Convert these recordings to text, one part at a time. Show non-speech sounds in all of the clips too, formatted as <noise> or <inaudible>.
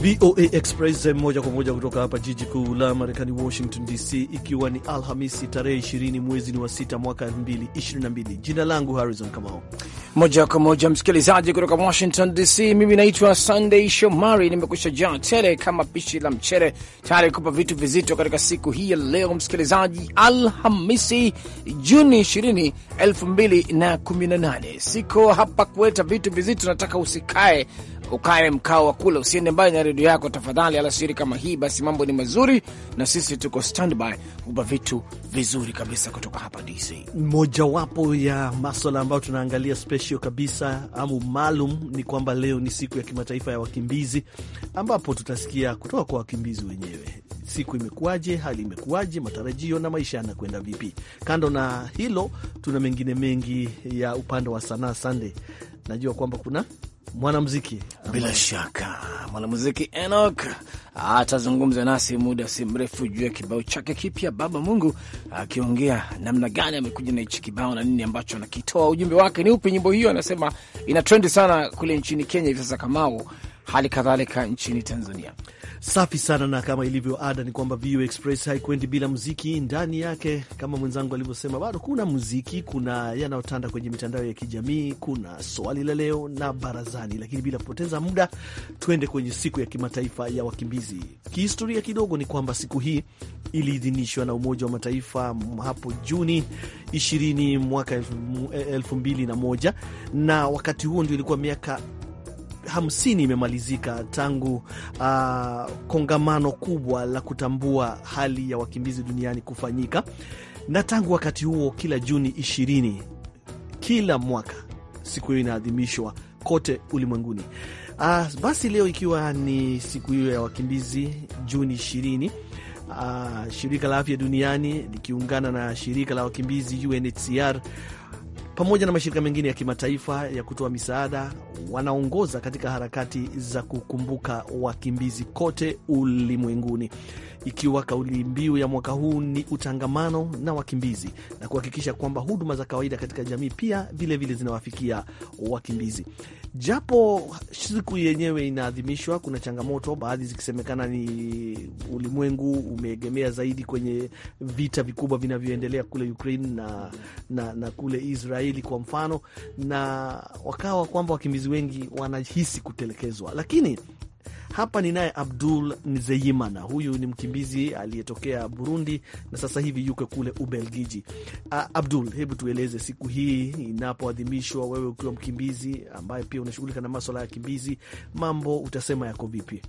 VOA Express moja kwa moja kutoka hapa jiji kuu la Marekani, Washington DC, ikiwa ni Alhamisi tarehe 20 mwezi ni wa sita mwaka 2022. Jina langu Harrison Kamau. Moja kwa moja msikilizaji, kutoka Washington DC, mimi naitwa Sunday Shomari, nimekusha jaa tele kama pishi la mchere, tayari kupa vitu vizito katika siku hii ya leo. Msikilizaji, Alhamisi Juni 20, 2018, siko hapa kuleta vitu vizito, nataka usikae ukae mkao wa kula, usiende mbali na redio yako tafadhali alasiri kama hii. Basi mambo ni mazuri, na sisi tuko standby kuba vitu vizuri kabisa kutoka hapa DC. Mojawapo ya maswala ambayo tunaangalia special kabisa amu maalum ni kwamba leo ni siku ya kimataifa ya wakimbizi, ambapo tutasikia kutoka kwa wakimbizi wenyewe siku imekuwaje, hali imekuwaje, matarajio na maisha yanakwenda vipi. Kando na hilo, tuna mengine mengi ya upande wa sanaa. Sande, najua kwamba kuna mwanamuziki bila shaka mwanamuziki Enoch atazungumza nasi muda si mrefu juu ya kibao chake kipya Baba Mungu, akiongea namna gani amekuja na hichi kibao na nini ambacho anakitoa. Ujumbe wake ni upi? Nyimbo hiyo anasema ina trendi sana kule nchini Kenya hivi sasa, Kamau, hali kadhalika nchini Tanzania. Safi sana, na kama ilivyo ada ni kwamba VOA Express haikwendi bila muziki ndani yake. Kama mwenzangu alivyosema, bado kuna muziki, kuna yanayotanda kwenye mitandao ya kijamii, kuna swali la leo na barazani. Lakini bila kupoteza muda, twende kwenye siku ya kimataifa ya wakimbizi. Kihistoria kidogo ni kwamba siku hii iliidhinishwa na Umoja wa Mataifa hapo Juni 20 mwaka 2001 na wakati huo ndio ilikuwa miaka 50 imemalizika tangu uh, kongamano kubwa la kutambua hali ya wakimbizi duniani kufanyika, na tangu wakati huo kila Juni 20 kila mwaka siku hiyo inaadhimishwa kote ulimwenguni. Uh, basi leo ikiwa ni siku hiyo ya wakimbizi Juni 20 uh, shirika la afya duniani likiungana na shirika la wakimbizi UNHCR pamoja na mashirika mengine ya kimataifa ya kutoa misaada wanaongoza katika harakati za kukumbuka wakimbizi kote ulimwenguni, ikiwa kauli mbiu ya mwaka huu ni utangamano na wakimbizi na kuhakikisha kwamba huduma za kawaida katika jamii pia vilevile zinawafikia wakimbizi. Japo siku yenyewe inaadhimishwa, kuna changamoto baadhi zikisemekana ni ulimwengu umeegemea zaidi kwenye vita vikubwa vinavyoendelea kule Ukraine na, na, na kule Israeli kwa mfano, na wakawa kwamba wakimbizi wengi wanahisi kutelekezwa, lakini hapa ni naye Abdul Nzeyimana, huyu ni mkimbizi aliyetokea Burundi na sasa hivi yuko kule Ubelgiji. Uh, Abdul, hebu tueleze siku hii inapoadhimishwa, wewe ukiwa mkimbizi ambaye pia unashughulika na maswala ya wakimbizi, mambo utasema yako vipi?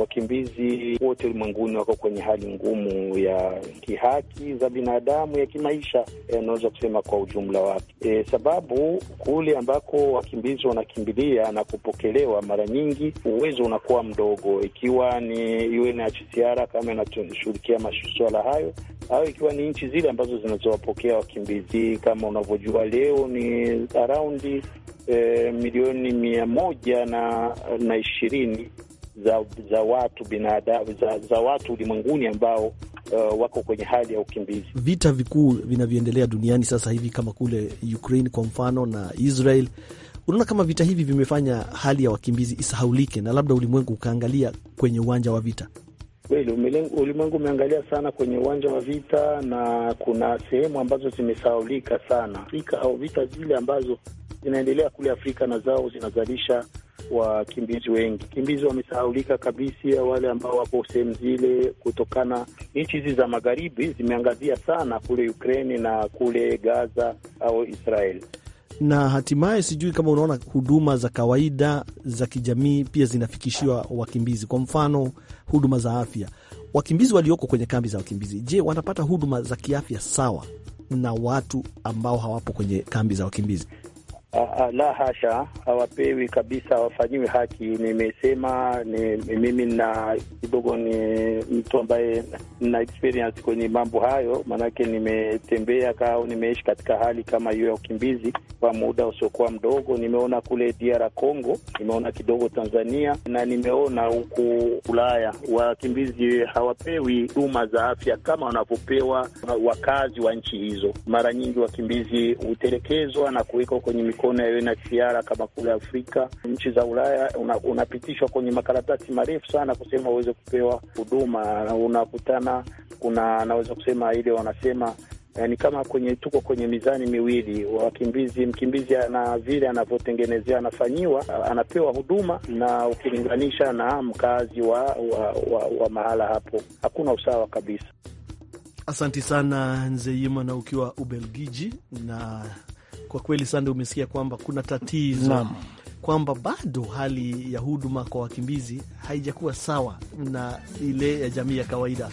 Wakimbizi wote ulimwenguni wako kwenye hali ngumu ya kihaki za binadamu ya kimaisha, anaweza eh, kusema kwa ujumla wake e, sababu kule ambako wakimbizi wanakimbilia na kupokelewa, mara nyingi uwezo unakuwa mdogo, ikiwa ni UNHCR kama inashughulikia masuala hayo au ikiwa ni nchi zile ambazo zinazowapokea wakimbizi. Kama unavyojua leo ni araundi e, eh, milioni mia moja na, na ishirini za, za watu binadamu za, za watu ulimwenguni ambao uh, wako kwenye hali ya ukimbizi. Vita vikuu vinavyoendelea duniani sasa hivi kama kule Ukraine kwa mfano na Israel, unaona kama vita hivi vimefanya hali ya wakimbizi isahaulike na labda ulimwengu ukaangalia kwenye uwanja wa vita kweli ulimwengu umeangalia sana kwenye uwanja wa vita, na kuna sehemu ambazo zimesahaulika sana Afrika, au vita zile ambazo zinaendelea kule Afrika na zao zinazalisha wakimbizi wengi. Wakimbizi wamesahaulika kabisa, wale ambao wapo sehemu zile, kutokana nchi hizi za magharibi zimeangazia sana kule Ukraini na kule Gaza au Israeli na hatimaye, sijui kama unaona huduma za kawaida za kijamii pia zinafikishiwa wakimbizi, kwa mfano huduma za afya. Wakimbizi walioko kwenye kambi za wakimbizi, je, wanapata huduma za kiafya sawa na watu ambao hawapo kwenye kambi za wakimbizi? La hasha, hawapewi kabisa, hawafanyiwi haki. Nimesema ni, mimi na kidogo ni mtu ambaye nina experience kwenye mambo hayo, maanake nimetembea au nimeishi katika hali kama hiyo ya ukimbizi kwa muda usiokuwa mdogo. Nimeona kule DR Congo, nimeona kidogo Tanzania na nimeona huku Ulaya. Wakimbizi hawapewi huduma za afya kama wanavyopewa wakazi wa nchi hizo. Mara nyingi wakimbizi hutelekezwa na kuwekwa kwenye mikono mikono yawe na siara kama kule Afrika, nchi za Ulaya unapitishwa una kwenye makaratasi marefu sana kusema uweze kupewa huduma, unakutana kuna naweza kusema ile wanasema eh, ni kama kwenye tuko kwenye mizani miwili, wakimbizi mkimbizi na vile anavyotengenezea anafanyiwa anapewa huduma, na ukilinganisha na mkazi wa, wa, wa, wa mahala hapo, hakuna usawa kabisa. Asanti sana Nzeyima na ukiwa Ubelgiji, na kwa kweli, Sande, umesikia kwamba kuna tatizo Naam kwamba bado hali ya huduma kwa wakimbizi haijakuwa sawa na ile ya jamii ya kawaida.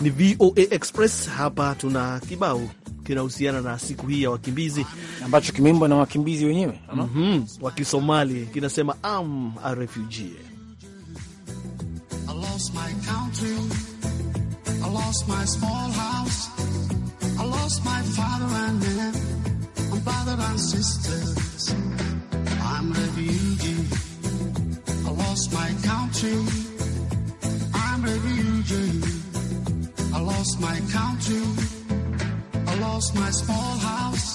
Ni VOA Express hapa, tuna kibao kinahusiana na siku hii ya wakimbizi ambacho kimeimbwa na wakimbizi wenyewe mm -hmm, wa Kisomali. Kinasema am a refugee Father and sisters. I'm refugee. I lost my country. I'm refugee. I lost my country. I lost my small house.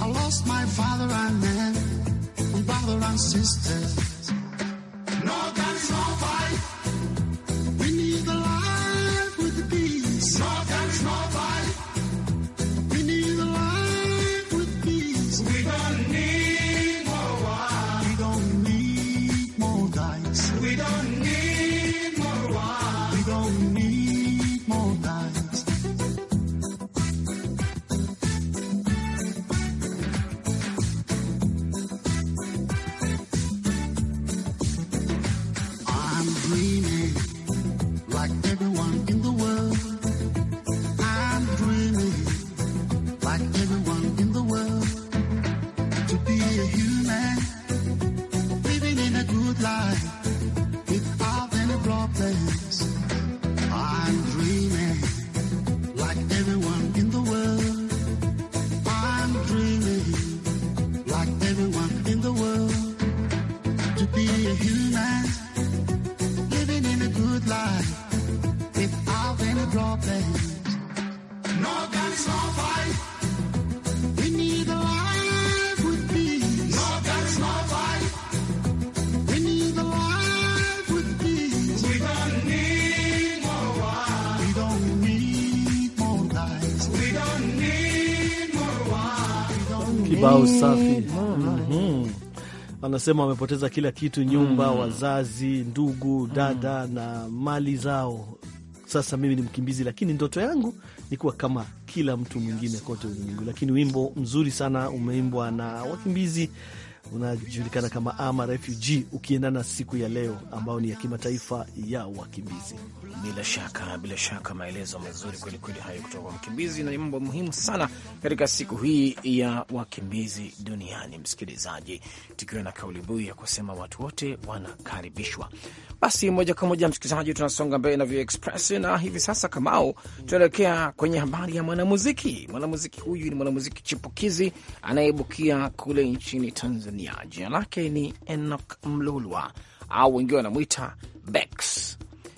I lost my father and men, father and sisters. usafi mhm. anasema wamepoteza kila kitu, nyumba, mm. wazazi, ndugu, mm. dada na mali zao. Sasa mimi ni mkimbizi, lakini ndoto yangu ni kuwa kama kila mtu mwingine kote ulimwengu. Lakini wimbo mzuri sana umeimbwa na wakimbizi unajulikana kama ama refugee, ukiendana na siku ya leo ambayo ni ya kimataifa ya wakimbizi. Bila shaka, bila shaka, maelezo mazuri kwelikweli hayo kutoka kwa mkimbizi, na ni mambo muhimu sana katika siku hii ya wakimbizi duniani. Msikilizaji, tukiwa na kauli mbiu ya kusema watu wote wanakaribishwa, basi moja kwa moja msikilizaji, tunasonga mbele na Vio Express, na hivi sasa Kamau, tunaelekea kwenye habari ya mwanamuziki. Mwanamuziki huyu ni mwanamuziki chipukizi anayebukia kule nchini Tanzania Tanzania. Jina lake ni Enoch Mlulwa au wengiwe wanamwita Bex.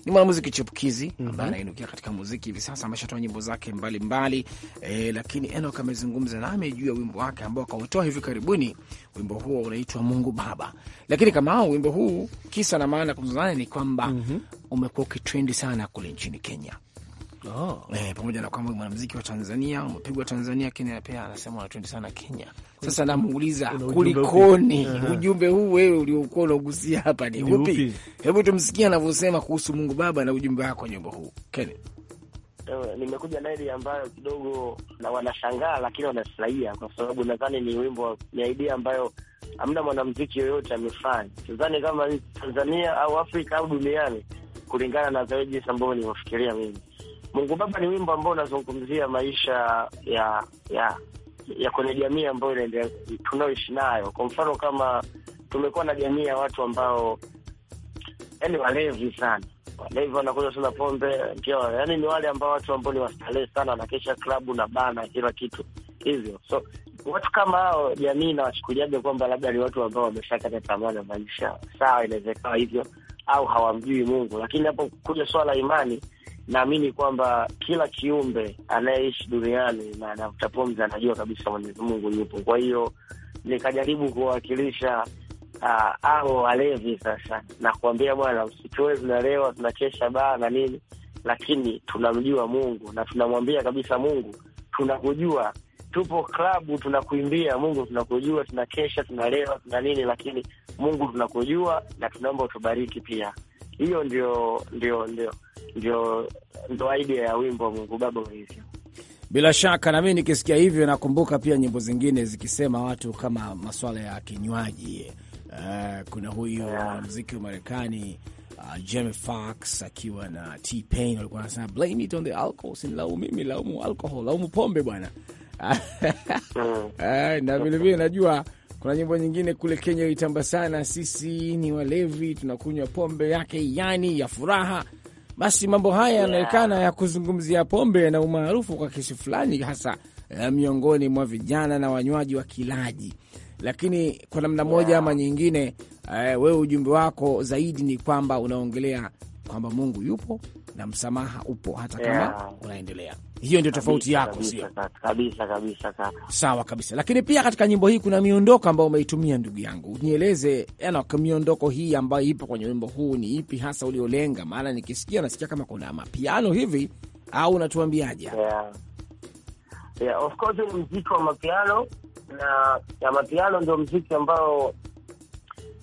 Ni mwanamuziki chipukizi ambaye mm -hmm. anainukia katika muziki hivi sasa, ameshatoa nyimbo zake mbalimbali mbali. E, lakini Enoch amezungumza nami juu ya wimbo wake ambao akautoa hivi karibuni. Wimbo huo unaitwa Mungu Baba, lakini kama au wimbo huu kisa na maana kuzozana ni kwamba mm -hmm. umekuwa ukitrendi sana kule nchini Kenya. Oh. E, pamoja na kwamba mwanamuziki wa Tanzania umepigwa Tanzania, lakini pia anasema anatrendi sana Kenya. Sasa namuuliza kulikoni? Eh. Ujumbe huu wewe uliokuwa unagusia hapa ni upi? Hebu tumsikie anavyosema kuhusu Mungu Baba na ujumbe wako nyimbo huu Kenneth. Eh, nimekuja naili ambayo kidogo na wanashangaa lakini wanafurahia kwa sababu nadhani ni wimbo, ni idea ambayo hamna mwanamziki yoyote amefanya, sidhani kama Tanzania au Afrika au duniani, kulingana na zaidi jinsi ambavyo nimefikiria mimi. Mungu Baba ni wimbo ambao unazungumzia maisha ya ya ya kwenye jamii ambayo inaendelea nayo. Kwa mfano, kama tumekuwa na jamii ya watu ambao yani walevi sana, walevi wanakuja sana pombe, yani ni wale ambao watu ambao ni wastarehe sana, wanakesha klabu na na kila kitu hivyo. So watu kama hao jamii inawachukuliaje kwamba labda ni watu ambao wameshakata tamaa na maisha? Sawa, inawezekana hivyo, au hawamjui Mungu, lakini hapo kuja swala imani naamini kwamba kila kiumbe anayeishi duniani na anavuta pumzi anajua kabisa Mwenyezi Mungu yupo. Kwa hiyo nikajaribu kuwawakilisha uh, ah, ao walevi sasa, na kuambia bwana, usichoe, tunalewa tunachesha baa na nini, lakini tunamjua Mungu na tunamwambia kabisa Mungu, tunakujua tupo klabu tunakuimbia Mungu, tunakujua, tunakesha, tunalewa, tuna nini, lakini Mungu tunakujua na tunaomba utubariki pia. Hiyo ndio ndio ndio ndio ndo idea ya wimbo Mungu Baba ulivyo. Bila shaka nami nikisikia hivyo nakumbuka pia nyimbo zingine zikisema watu kama maswala ya kinywaji. Uh, kuna huyu yeah, mziki wa Marekani uh, Jamie Foxx akiwa na T-Pain walikuwa wanasema blame it on the alcohol, mimi, laumu alcohol, laumu pombe bwana. Uh, <laughs> na vilevile najua kuna nyimbo nyingine kule Kenya itamba sana, sisi ni walevi tunakunywa pombe yake yani ya furaha basi mambo haya yanaonekana yeah, ya kuzungumzia pombe na umaarufu kwa kesi fulani, hasa eh, miongoni mwa vijana na wanywaji wa kilaji, lakini kwa namna moja yeah, ama nyingine uh, wewe ujumbe wako zaidi ni kwamba unaongelea kwamba Mungu yupo na msamaha upo hata kama yeah, unaendelea hiyo ndio tofauti yako, sio? Kabisa kabisa sawa kabisa. Lakini pia katika nyimbo hii kuna miondoko ambayo umeitumia, ndugu yangu, nieleze yana miondoko hii ambayo ipo kwenye wimbo huu, ni ipi hasa uliolenga? Maana nikisikia nasikia kama kuna mapiano hivi, au unatuambiaje? yeah. Yeah, of course ni mziki wa mapiano na ya mapiano ndio mziki ambao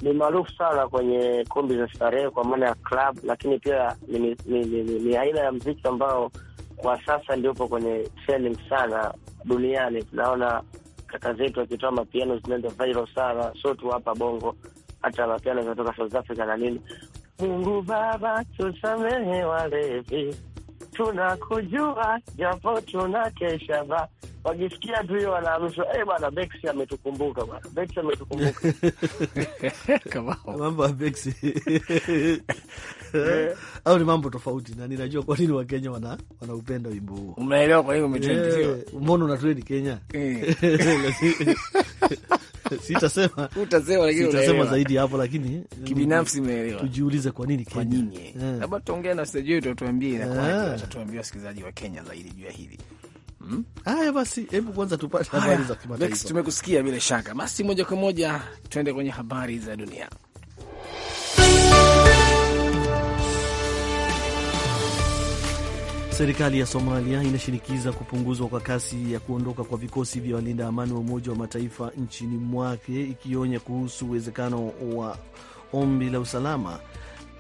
ni maarufu sana kwenye kumbi za starehe, kwa maana ya club, lakini pia ni, ni, ni, ni, ni aina ya mziki ambao kwa sasa ndiopo kwenye selling sana duniani. Tunaona kaka zetu wakitoa mapiano zinaenda viral sana, sio tu hapa Bongo, hata mapiano zinatoka South Africa na nini. Mungu Baba, tusamehe walevi tunakujua japo ba wakisikia tu hiyo wanaamshwa, eh, bwana Bex ametukumbuka, bwana Bex ametukumbuka. <laughs> <laughs> Mambo ya Bex eh. <laughs> au ni mambo tofauti, na ninajua kwa nini Wakenya wana wanaupenda wimbo huo. Umeelewa kwa nini umetrendiwa? Eh, Mbona unatrend Kenya? Eh. <laughs> sitasema utasema, lakini utasema zaidi hapo, lakini kibinafsi umeelewa. Tujiulize kwa nini Kenya, kwa nini eh. labda tuongee na sijui, tutatuambia inakuwa, tutatuambia wasikilizaji wa Kenya zaidi juu ya hili. Hmm? Haya basi, hebu kwanza tupate habari za kimataifa. Tumekusikia bila shaka, basi moja kwa moja tuende kwenye habari za dunia. Serikali ya Somalia inashinikiza kupunguzwa kwa kasi ya kuondoka kwa vikosi vya walinda amani wa Umoja wa Mataifa nchini mwake, ikionya kuhusu uwezekano wa ombi la usalama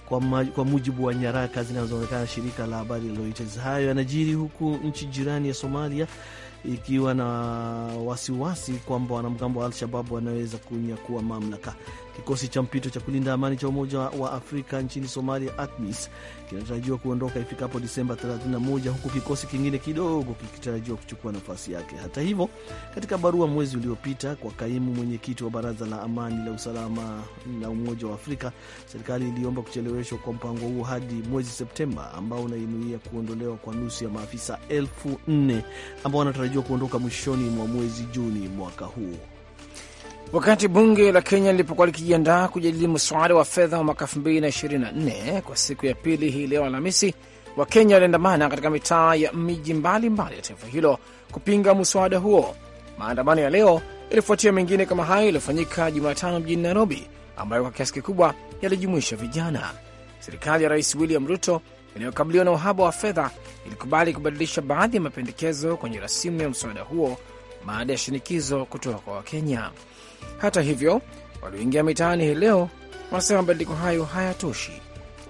kwa, ma, kwa mujibu wa nyaraka zinazoonekana shirika la habari la Reuters. Hayo yanajiri huku nchi jirani ya Somalia ikiwa na wasiwasi kwamba wanamgambo wa Al-Shababu wanaweza kunyakua mamlaka. Kikosi cha mpito cha kulinda amani cha Umoja wa Afrika nchini Somalia, ATMIS, kinatarajiwa kuondoka ifikapo Disemba 31 huku kikosi kingine kidogo kikitarajiwa kuchukua nafasi yake. Hata hivyo, katika barua mwezi uliopita kwa kaimu mwenyekiti wa Baraza la Amani la Usalama la Umoja wa Afrika, serikali iliomba kucheleweshwa kwa mpango huo hadi mwezi Septemba, ambao unainuia kuondolewa kwa nusu ya maafisa elfu nne ambao wanatarajiwa kuondoka mwishoni mwa mwezi Juni mwaka huu. Wakati bunge la Kenya lilipokuwa likijiandaa kujadili mswada wa fedha wa mwaka 2024 kwa siku ya pili hii leo Alhamisi, Wakenya waliandamana katika mitaa ya miji mbalimbali ya taifa hilo kupinga mswada huo. Maandamano ya leo yalifuatia mengine kama hayo yaliyofanyika Jumatano mjini Nairobi, ambayo kwa kiasi kikubwa yalijumuisha vijana. Serikali ya Rais William Ruto inayokabiliwa na uhaba wa fedha ilikubali kubadilisha baadhi ya mapendekezo kwenye rasimu ya mswada huo baada ya shinikizo kutoka kwa Wakenya. Hata hivyo, walioingia mitaani hii leo wanasema mabadiliko hayo hayatoshi.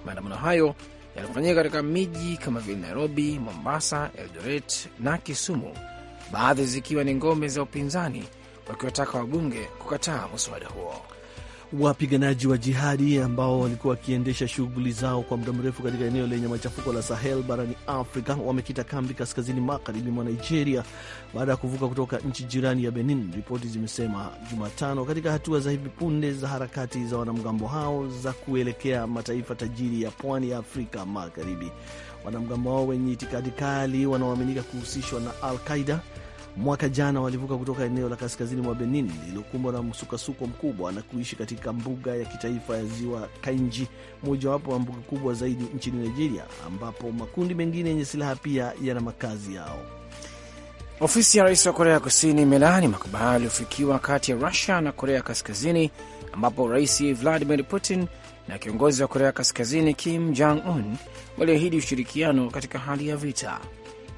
Maandamano hayo yalifanyika katika miji kama vile Nairobi, Mombasa, Eldoret na Kisumu, baadhi zikiwa ni ngome za upinzani wakiwataka wabunge kukataa mswada huo wapiganaji wa jihadi ambao walikuwa wakiendesha shughuli zao kwa muda mrefu katika eneo lenye machafuko la Sahel barani Afrika wamekita kambi kaskazini magharibi mwa Nigeria baada ya kuvuka kutoka nchi jirani ya Benin, ripoti zimesema Jumatano, katika hatua za hivi punde za harakati za wanamgambo hao za kuelekea mataifa tajiri ya pwani ya Afrika Magharibi. Wanamgambo hao wenye itikadi kali wanaoaminika kuhusishwa na Al Qaida Mwaka jana walivuka kutoka eneo la kaskazini mwa Benin lililokumbwa na msukasuko mkubwa na kuishi katika mbuga ya kitaifa ya ziwa Kainji, mojawapo wa mbuga kubwa zaidi nchini Nigeria, ambapo makundi mengine yenye silaha pia yana makazi yao. Ofisi ya rais wa Korea Kusini imelaani makubaliano yaliyofikiwa kati ya Rusia na Korea Kaskazini, ambapo Rais Vladimir Putin na kiongozi wa Korea Kaskazini Kim Jong Un waliahidi ushirikiano katika hali ya vita.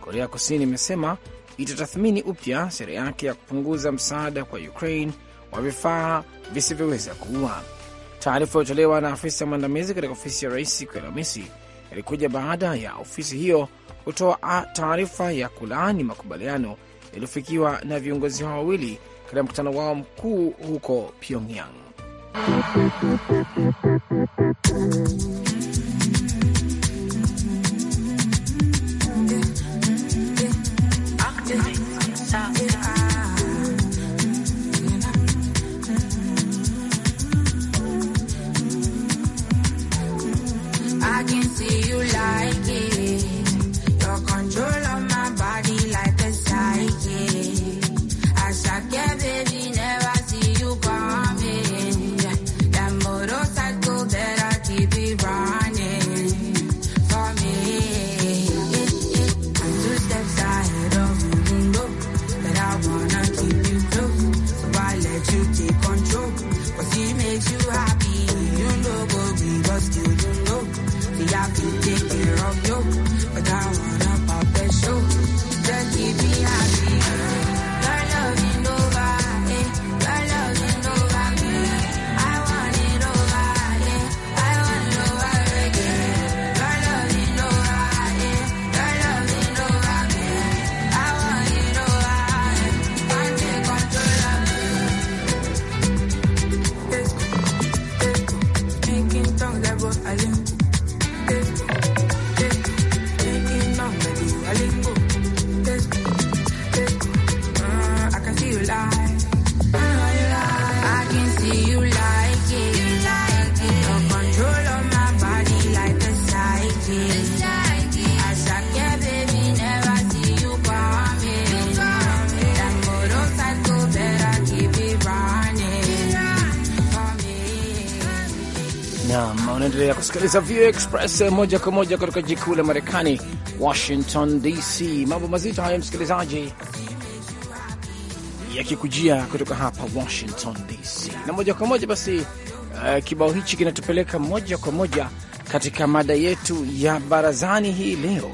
Korea Kusini imesema itatathmini upya sera yake ya kupunguza msaada kwa Ukraine wa vifaa visivyoweza kuua. Taarifa iliyotolewa na afisa mwandamizi katika ofisi ya rais siku ya Alhamisi ilikuja baada ya ofisi hiyo kutoa taarifa ya kulaani makubaliano yaliyofikiwa na viongozi hao wawili katika mkutano wao mkuu huko Pyongyang. unasikiliza VOA Express eh, moja kwa moja kutoka jiji kuu la Marekani, Washington DC. Mambo mazito hayo, msikilizaji, yakikujia kutoka hapa Washington DC. Na moja kwa moja basi, uh, kibao hichi kinatupeleka moja kwa moja katika mada yetu ya barazani hii leo.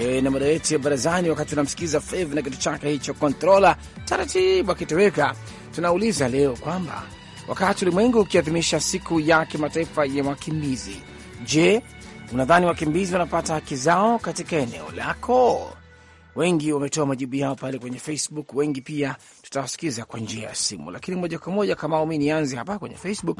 E, na mada yetu ya barazani, wakati tunamsikiliza Fev na kitu chake hicho kontrola taratibu akitoweka, tunauliza leo kwamba wakati ulimwengu ukiadhimisha siku ya kimataifa ya wakimbizi. Je, unadhani wakimbizi wanapata haki zao katika eneo lako? Wengi wametoa majibu yao pale kwenye Facebook. Wengi pia tutawasikiza kwa njia ya simu, lakini moja kwa moja kama mi nianze hapa kwenye Facebook.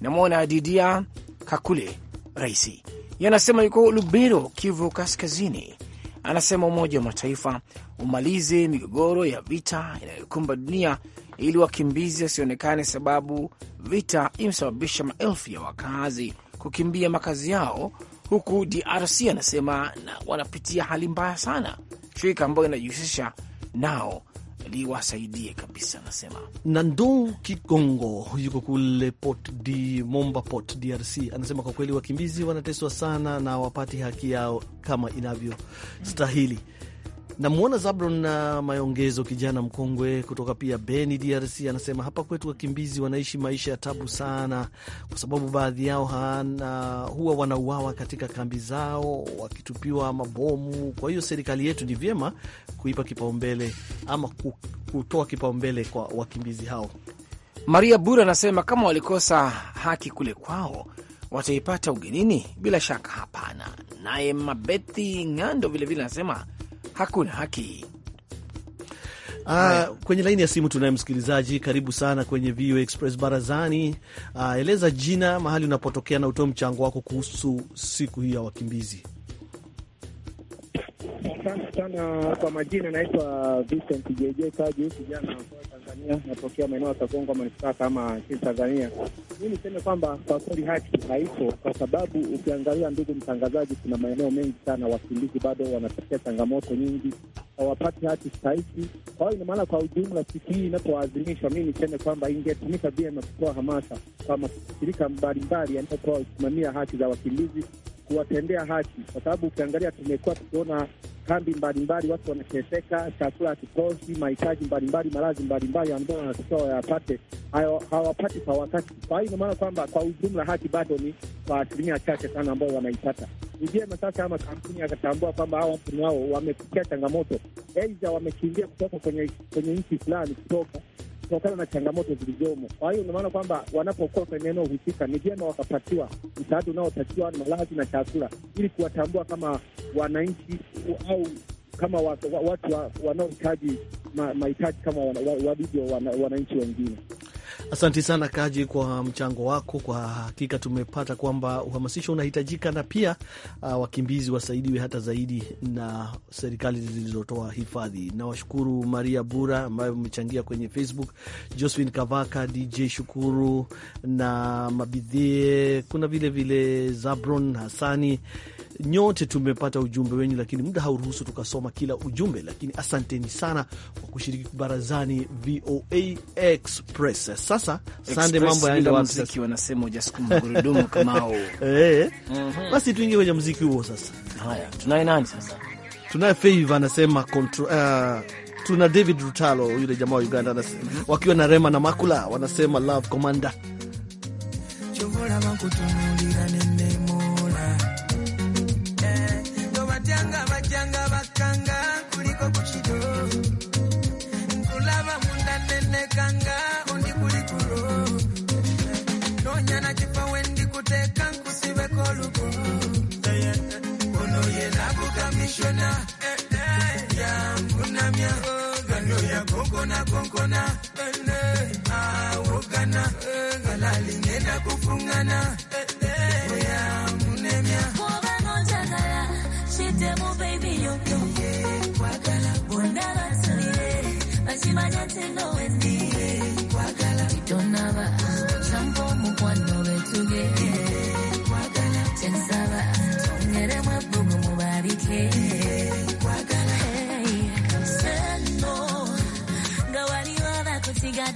Namwona Didia Kakule Raisi yanasema yuko Lubero, Kivu Kaskazini. Anasema Umoja wa Mataifa umalize migogoro ya vita inayokumba dunia ili wakimbizi wasionekane, sababu vita imesababisha maelfu ya wakazi kukimbia makazi yao, huku DRC anasema na wanapitia hali mbaya sana. Shirika ambayo inajihusisha nao liwasaidie kabisa, anasema. Nando Kigongo yuko kule Port di Momba, Port DRC, anasema kwa kweli wakimbizi wanateswa sana na wapati haki yao kama inavyostahili. mm. Namwona Zabron na Mayongezo, kijana mkongwe kutoka pia Beni, DRC, anasema hapa kwetu wakimbizi wanaishi maisha ya tabu sana, kwa sababu baadhi yao hana, huwa wanauawa katika kambi zao wakitupiwa mabomu. Kwa hiyo serikali yetu ni vyema kuipa kipaumbele ama kutoa kipaumbele kwa wakimbizi hao. Maria Bura anasema kama walikosa haki kule kwao wataipata ugenini bila shaka. Hapana. Naye Mabethi Ng'ando vilevile anasema hakuna haki. Uh, kwenye laini ya simu tunaye msikilizaji. Karibu sana kwenye VOA Express barazani. Uh, eleza jina, mahali unapotokea na utoe mchango wako kuhusu siku hii ya wakimbizi. Asante sana kwa majina, naitwa Vincent JJ Kaji, kijana Tanzania, natokea maeneo ya Kagongo manispaa kama nchini Tanzania. Mi niseme kwamba kwa kweli haki haipo, kwa sababu ukiangalia, ndugu mtangazaji, kuna maeneo mengi sana wakimbizi bado wanapitia changamoto nyingi, hawapati hati stahiki. Kwa hiyo ina maana, kwa ujumla, siku hii inapoadhimishwa, mi niseme kwamba ingetumika vyema kutoa hamasa kwa mashirika mbalimbali yanayotoa kusimamia haki za wakimbizi kuwatendea haki, kwa sababu ukiangalia tumekuwa tukiona kambi mbalimbali watu wanateseka, chakula hakikosi, mahitaji mbalimbali, malazi mbalimbali ambayo wanatakiwa wayapate hawapati kwa wakati. Kwa hiyo ina maana kwamba kwa ujumla haki bado ni kwa asilimia chache sana ambao wanaipata. Ni vyema sasa ama kampuni akatambua kwamba hawa watu nao wamepitia changamoto, aidha wamekimbia kutoka kwenye, kwenye nchi fulani kutoka kutokana na changamoto zilizomo. Kwa hiyo unamaana kwamba wanapokuwa kwenye eneo husika, ni vyema wakapatiwa msaada unaotakiwa, malazi na chakula, ili kuwatambua kama wananchi au kama watu wanaohitaji mahitaji kama walivyo wananchi wengine asanti sana Kaji kwa mchango wako. Kwa hakika tumepata kwamba uhamasisho unahitajika na pia uh, wakimbizi wasaidiwe hata zaidi na serikali zilizotoa hifadhi. Nawashukuru Maria Bura ambayo mmechangia kwenye Facebook, Josephine Kavaka, DJ Shukuru na Mabidhie, kuna vilevile vile Zabron Hasani Nyote tumepata ujumbe wenyu, lakini muda hauruhusu tukasoma kila ujumbe, lakini asanteni sana kwa kushiriki barazani VOA Express. Sasa sande, mambo yaenda wapi sasa? Wanasema hujasukuma gurudumu kama <laughs> eh, eh. Mhm. basi tuingie kwenye muziki huo sasa. Haya, tunaye nani sasa? Tunaye Fave anasema contra, uh, eh, tuna David Rutalo yule jamaa wa Uganda anasema, mhm. wakiwa na Rema na Makula wanasema love commander konkona konkona, ene aurukana, halali nenda kufungana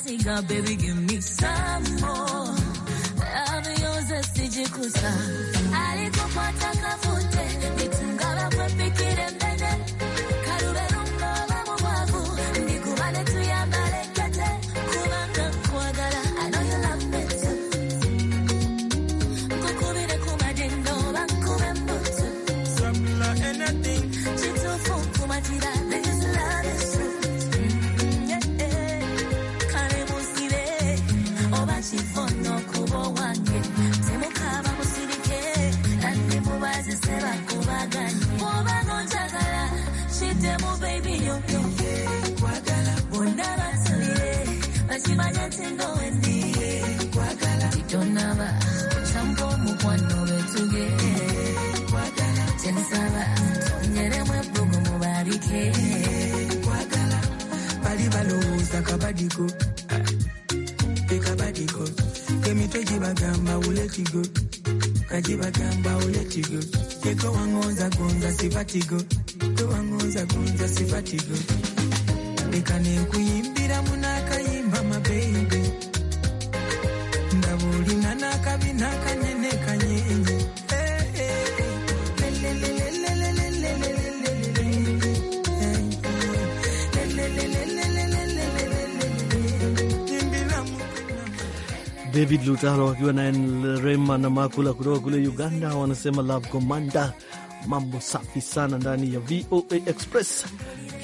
Africa, baby, give me some more. kabadi ko kabadi ko kemi to jiba gamba wule ti go kajiba gamba wule ti go ke ko wangonza gonza sifati go ko wangonza gonza sifati go leka ne kuyimbira muna kayimba mabebe ndabulinga nakabi nakanyene David Lutalo wakiwa na Rema na Makula kutoka kule Uganda, wanasema love commander. Mambo safi sana ndani ya VOA Express,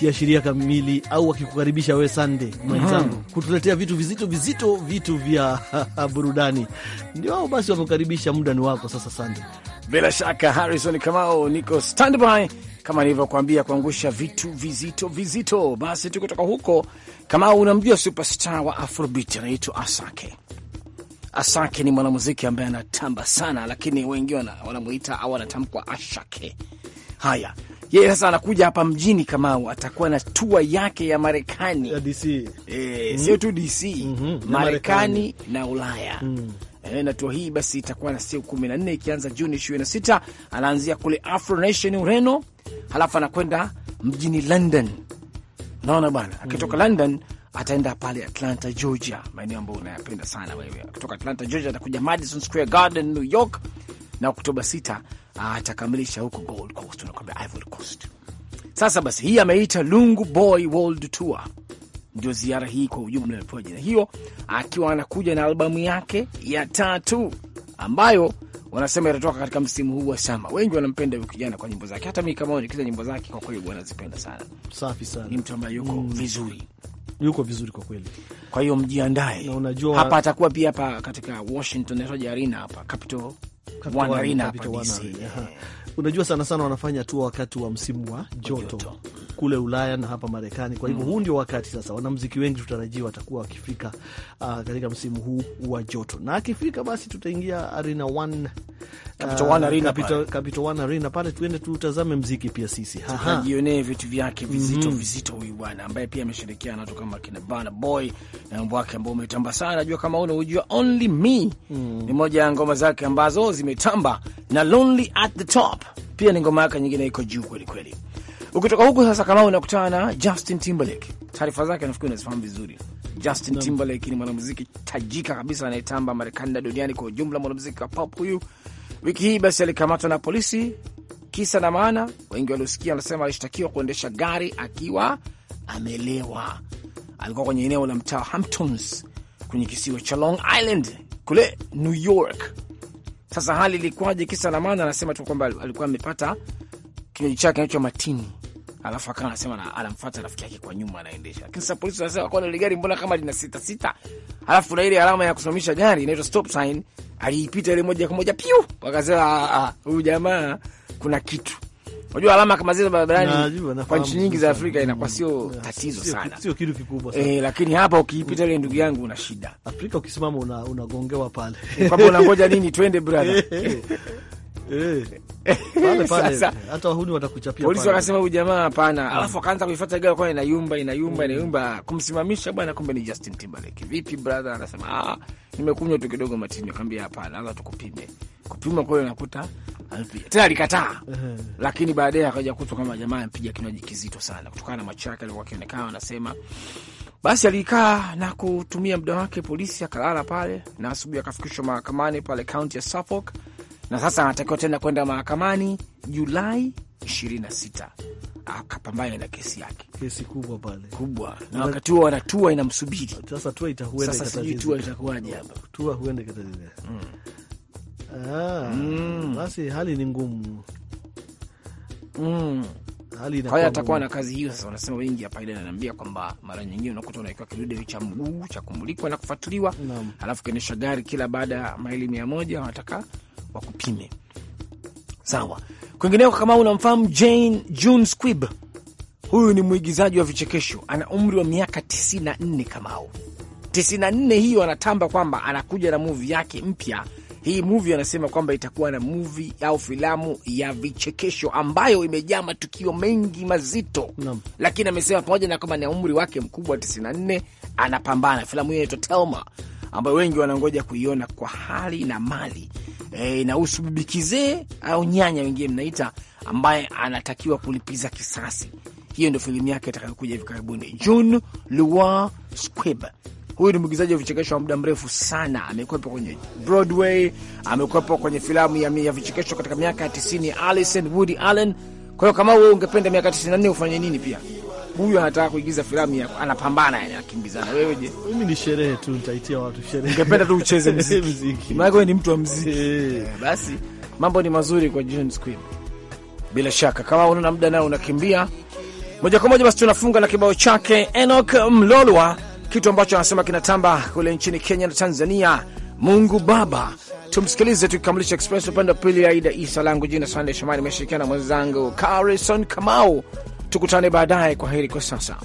kiashiria kamili au akikukaribisha wewe Sande mwenzangu, mm -hmm. kutuletea vitu vizito vizito, vitu vya <laughs> burudani. Ndio hao basi, wamekaribisha muda ni wako sasa. Sande, bila shaka Harrison Kamao, niko standby kama nilivyokuambia kuangusha vitu vizito vizito. Basi tuko toka huko, kama unamjua superstar wa Afrobeat anaitwa Asake Asake ni mwanamuziki ambaye anatamba sana, lakini wengi wanamuita au anatamkwa Ashake. Haya, yeye sasa anakuja hapa mjini Kamau, atakuwa na tua yake ya Marekani ya DC e, eh, mm sio tu DC mm -hmm. Marekani na Ulaya mm. E, na tua hii basi itakuwa na siku kumi na nne ikianza Juni ishirini na sita. Anaanzia kule Afro Nation Ureno, halafu anakwenda mjini London. Naona bwana akitoka mm London ataenda pale Atlanta, Georgia, maeneo ambayo unayapenda sana wewe. Kutoka Atlanta, Georgia atakuja Madison Square Garden, New York, na Oktoba 6 ah, atakamilisha huko Gold Coast, unakwambia Ivory Coast. Sasa basi, hii ameita Lungu Boy World Tour, ndio ziara hii kwa ujumla imepewa jina hiyo, akiwa anakuja na albamu yake ya tatu ambayo wanasema itatoka katika msimu huu wa sama. Wengi wanampenda huyu kijana kwa nyimbo zake, hata mi kama nikiza nyimbo zake kwa kweli wanazipenda sana. Safi sana, ni mtu ambaye yuko mm, vizuri yuko vizuri kwa kweli. Kwa hiyo mjiandae, na unajua hapa atakuwa pia hapa katika Washington inaitwaje arena hapa Capitol One Arena hapa DC. Unajua sana sana wanafanya tu wakati wa msimu wa joto, joto kule Ulaya na hapa Marekani. Kwa hivyo mm, huu ndio wakati sasa wanamziki wengi tutarajia watakuwa wakifika uh, katika msimu huu wa joto, na akifika basi tutaingia Arena One, Capital One ah, Arena pale, Capital One Arena pale tuende tutazame mziki pia sisi, jionee vitu vyake vizito mm, vizito huyu bwana ambaye pia ameshirikiana na watu kama kina Burna Boy na wimbo wake ambao umetamba sana. Najua kama una ujua Only Me mm, ni moja ya ngoma zake ambazo zimetamba na Lonely at the Top pia ni ngoma yake nyingine iko juu kwelikweli. Ukitoka huku sasa, Kamau, nakutana na Justin Timberlake. Taarifa zake nafikiri unazifahamu vizuri. Justin Timberlake ni mwanamuziki tajika kabisa anayetamba Marekani na duniani kwa ujumla, mwanamuziki wa pop huyu. Wiki hii basi alikamatwa na polisi, kisa na maana, wengi waliosikia wanasema alishtakiwa kuendesha gari akiwa amelewa. Alikuwa kwenye eneo la mtaa Hamptons kwenye kisiwa cha Long Island kule New York. Sasa hali ilikuwaje? Kisa na maana, anasema tu kwamba alikuwa amepata kinywaji chake anaitwa matini alafu akawa anasema anamfuata rafiki yake kwa nyuma, anaendesha. Lakini sasa polisi wanasema kwa ile gari mbona kama lina sita sita, alafu na ile alama ya kusimamisha gari inaitwa stop sign, aliipita ile moja kwa moja piu, wakasema ah, ah, huyu jamaa kuna kitu. Unajua alama kama zile barabarani kwa nchi nyingi za Afrika inakuwa sio mm. tatizo sana, sio kitu kikubwa sana eh, lakini hapa ukiipita ile, ndugu yangu, una shida. Afrika ukisimama unagongewa pale, eh, kwa sababu unangoja <laughs> nini? Twende brother eh. Eh. Pale <laughs> pale hata wahuni watakuchapia. Polisi huyu jamaa hapana, mm. alafu akaanza kuifuata gari kwa inayumba inayumba mm. inayumba, kumsimamisha bwana, kumbe ni Justin Timberlake. Vipi brother? Anasema ah, nimekunywa tu kidogo matini. Akamwambia hapana, tukupime. Kupima nakuta Tena alikataa. Lakini baadaye akaja kutwa kama jamaa kinywaji kizito sana kutokana na macho yake alikuwa akionekana, anasema basi alikaa na kutumia muda wake polisi, akalala pale na asubuhi akafikishwa mahakamani pale kaunti ya Suffolk na sasa anatakiwa tena kwenda mahakamani Julai 26 akapambana na kesi yake, kesi kubwa pale kubwa, na wakati huo wanatua inamsubiri sasa. Tua itahuenda sasa, sijui tua itakuwaje hapa, tua huenda ikatatiza. Mm. Ah, mm. Basi hali ni ngumu mm. Haya, atakuwa na kazi hiyo sasa. Wanasema wengi hapa, ile ananiambia kwamba mara nyingine unakuta unawekewa kidude cha mguu cha kumulikwa na kufuatiliwa, alafu kaendesha gari kila baada ya maili mia moja wanataka wakupime. Sawa. Kwingineko, kama unamfahamu Jane June Squibb, huyu ni mwigizaji wa vichekesho, ana umri wa miaka 94. Kamau 94 hiyo, anatamba kwamba anakuja na muvi yake mpya. Hii muvi anasema kwamba itakuwa na muvi au filamu ya vichekesho ambayo imejaa matukio mengi mazito no. Lakini amesema pamoja na kwamba na umri wake mkubwa 94, anapambana. Filamu hiyo inaitwa Telma ambayo wengi wanangoja kuiona kwa hali na mali. E, inahusu e, bibi kizee au nyanya wengine mnaita, ambaye anatakiwa kulipiza kisasi. Hiyo ndio filimu yake itakayokuja hivi karibuni. Jun Lua Squibb Huyu ni mwigizaji wa vichekesho wa muda mrefu sana. Amekwepa kwenye Broadway, amekwepa kwenye filamu ya, ya vichekesho katika miaka ya tisini ya Alison Woody Allen. Kwa hiyo kama wewe ungependa miaka tisini na nne ufanye nini? Pia huyu anataka kuigiza filamu yako, anapambana, yani anakimbizana. Wewe je? Mimi ni sherehe tu, nitaitia watu sherehe. Ningependa tu ucheze <laughs> muziki, maana wewe ni mtu wa muziki. Eh. Eh, basi mambo ni mazuri kwa John Squibb. Bila shaka kama unaona muda nao unakimbia moja kwa moja, basi tunafunga na kibao chake Enoch Mlolwa, kitu ambacho anasema kinatamba kule nchini Kenya na Tanzania. Mungu Baba, tumsikilize tukikamilisha Express upande wa pili. Aida Isa langu jina Sande Shomari, imeshirikiana na mwenzangu Carison Kamau. Tukutane baadaye, kwa heri kwa sasa.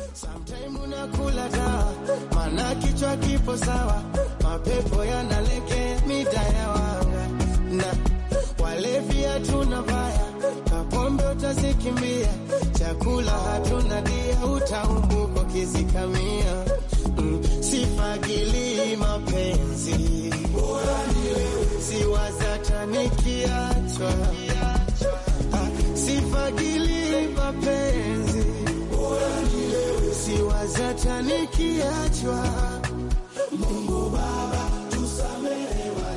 Kimbia chakula hatuna dia, utaumbuko kizikamia. Mm, sifagili mapenzi siwazatanikiachwa, sifagili mapenzi siwazata nikiachwa Mungu Baba